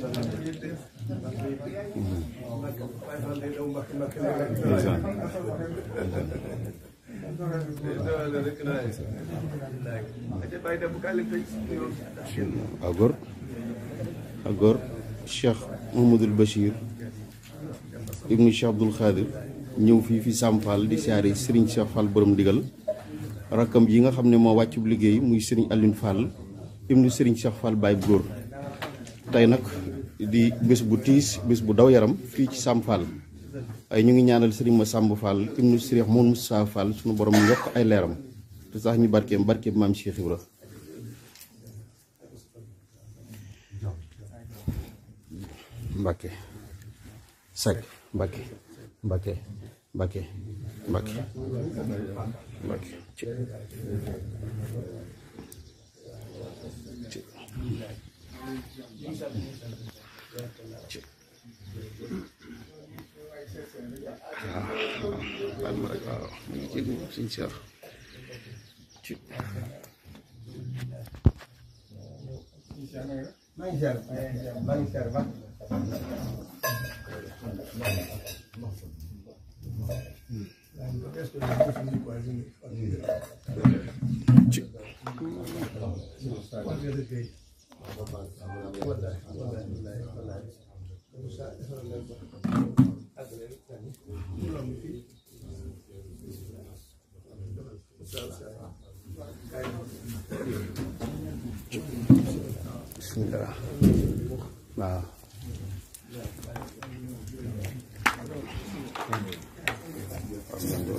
ak góor ak góor Cheikh Mamadou Bachir ibnu Cheikh Abdoul Khadir ñëw fii fi Sam Fall di siyaare Serigne Cheikh Fall borom ndigal rakkam yi nga xam ne moo wàccub liggéey muy Serigne Aline Fall ibnu Serigne Cheikh Fall Baye Góor tey nag di bis bu tiis bés bu daw yaram fi ci Sam Fall ay ñu ngi ñaanal Serigne Massamba Fall ibnu Serigne Mouhamadou musa Fall suñu borom yokk ay leeram te sax ñu barké barké mam Cheikh Ibra Mbacké sak Mbacké Mbacké Mbacké Mbacké Mbacké noche. sincero. Thank you. Bismillah. Nah.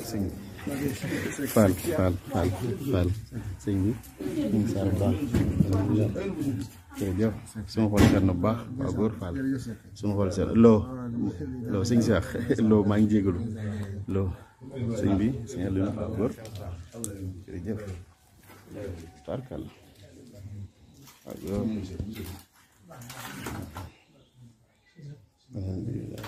Sing. Fal, fal, fal, fal. Sing. Sing sarba. Alhamdulillah. Tá. jërëjëf suma xool seet na bu baax waaw góor Fall suma xool seet loo loo sëñ Seex loo maa ngi jégalu loo sëñ bi sëñ Alioune waaw góor jërëjëf tarkal waaw góor alhamdulilah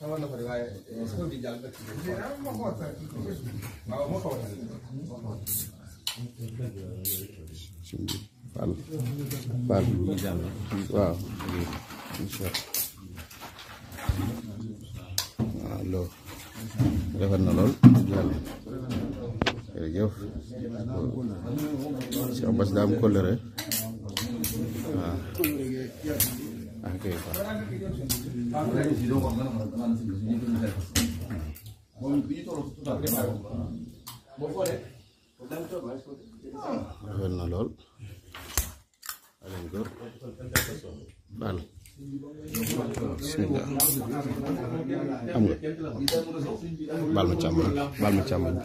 xawoon na ko de waaw ma xool na lool jàll jërëjëf si am bas daam kóllëre waaw Okay. Agal na lol. Alam ko. Ban. Bismillah. Am nga. Bal ma càmmoñ. Bal ma càmmoñ.